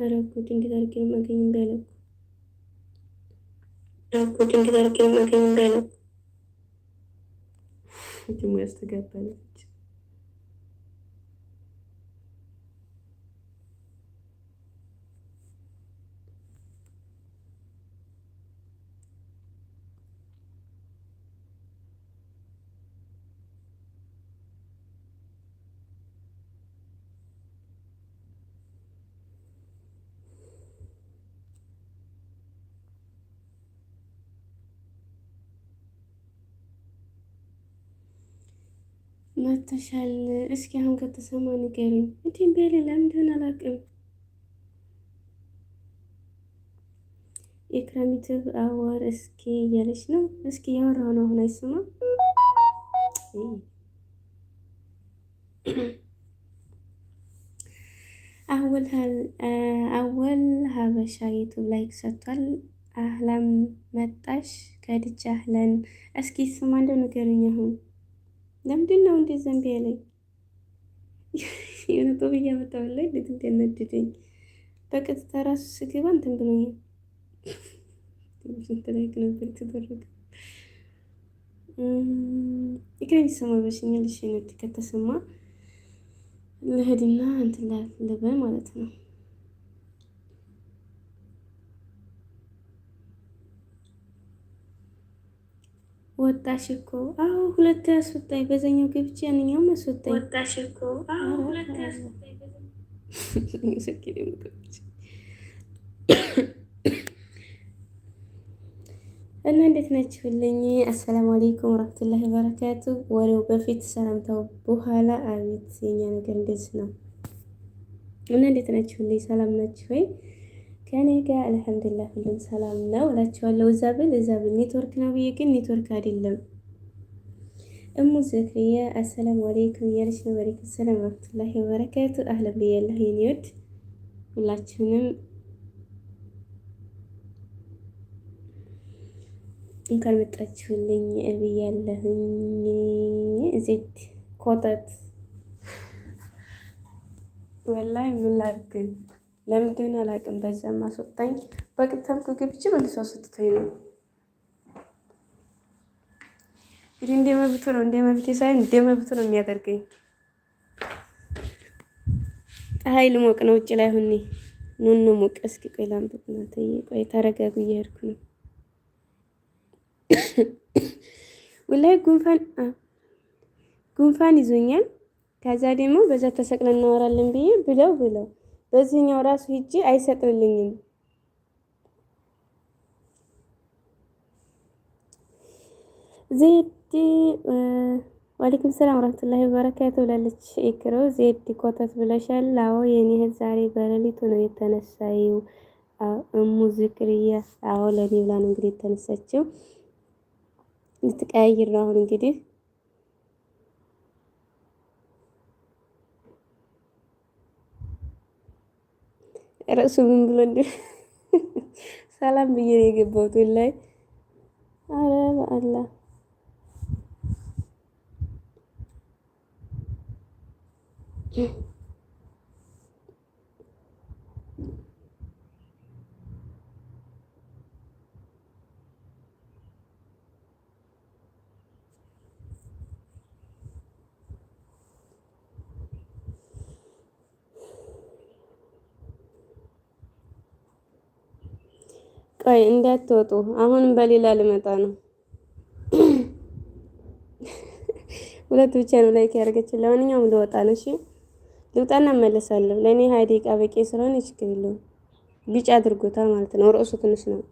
ኧረ ጉድ! እንዴት አድርጌ ነው የማገኝ እንዳይለኩ ጉድ! እንዴት አድርጌ ነው የማገኝ እንዳይለኩ እጅሙ ያስተጋባል። መተሻል እስኪ አሁን ከተሰማ ንገሪኝ። እንዲህም ቤሌ ለምን እንደሆነ አላውቅም። የክረሚትብ አወር እስኪ እያለች ነው። እስኪ ያወራው ነው አሁን አይሰማ አወል ሀበሻ ዩቱብ ላይክ ሰጥቷል። አህላም መጣሽ ከድጃ አህለን። እስኪ ስማ እንደው ንገሪኝ አሁን ለምንድን ነው እንዴት ዘንብ ያለኝ? የሆነ ቆብ እያመጣሁላ እንዴት እንደነድደኝ በቀጥታ ራሱ ስገባ እንትን ብሎኛል። ስንት ላይክ ነበር የተደረገ? ኢክራም ይሰማ በሽኛል። እሺ፣ ከተሰማ ለህድና እንትን ለበ ማለት ነው። ወጣሽ እኮ አዎ፣ ሁለት ያስወጣኝ በዛኛው ገብቼ ያንኛውም ያስወጣኝ። ወጣሽ እኮ አዎ፣ ሁለት ያስወጣኝ። እና እንዴት ናችሁልኝ? አሰላሙ አለይኩም ወራህመቱላሂ ወበረካቱ። ወሬው በፊት ሰላምታው በኋላ። አቤት የኛ ነገር እንዴት ነው። እና እንዴት ናችሁልኝ? ሰላም ናችሁ ወይ? ከኔ ጋር አልሐምዱሊላህ ሁሉም ሰላም ነው እላችኋለሁ። እዛ ብል እዛ ብል ኔትወርክ ነው ብዬ ግን ኔትወርክ አይደለም። እሙ ዘክሪያ አሰላሙ አለይኩም እያለች ነው። ወአለይኩም ሰላም ወራህመቱላሂ ወበረካቱ። አህለን ብያለሁ የኔ ውድ ሁላችሁንም እንኳን መጣችሁልኝ ብያለሁኝ። ዜድ ኮተት ወላሂ ምን ላድርግ ለምን ግን አላውቅም። በዛም አስወጣኝ፣ በቅታም ገብቼ መልሶ አስወጥቶኝ ነው። እንግዲህ እንደ መብቱ ነው፣ እንደ መብቴ ሳይሆን እንደ መብቱ ነው የሚያደርገኝ። ፀሐይ ልሞቅ ነው ውጭ ላይ ሁኔ ኑኑ ሞቅ እስኪ ቆይ ላምጥት ነው ቆይ ተረጋጉ፣ እየሄድኩ ነው። ወላይ ጉንፋን አ ጉንፋን ይዞኛል። ከዛ ደግሞ በዛ ተሰቅለን እናወራለን ብዬ ብለው ብለው በዚህኛው ራሱ ሂጂ አይሰጥልኝም። ዜድ ዋሌኩም ሰላም ወራህመቱላሂ ወበረካቱ ብላለች። ይክሮ ዜድ ኮተት ብለሻል። አዎ የኔ እህት ዛሬ በሌሊቱ ነው የተነሳዩ እሙ ዝክርያ። አዎ ለኔ ብላ ነው እንግዲህ የተነሳችው። ልትቀያይር ነው አሁን እንግዲህ ርዕሱ ምን ብሎ እንደ ሰላም ብዬ ነው የገባሁት። ላይ አረ በአላ Thank ቆይ እንዳትወጡ፣ አሁንም በሌላ ልመጣ ነው። ሁለት ብቻ ነው ላይክ ያደርገችን። ለማንኛውም ልወጣ ነው። እሺ ልውጣና እመለሳለሁ። ለእኔ ሀያ ደቂቃ በቂ ስለሆነ ችግር የለውም። ቢጫ አድርጎታል ማለት ነው። ርዕሱ ትንሽ ነው።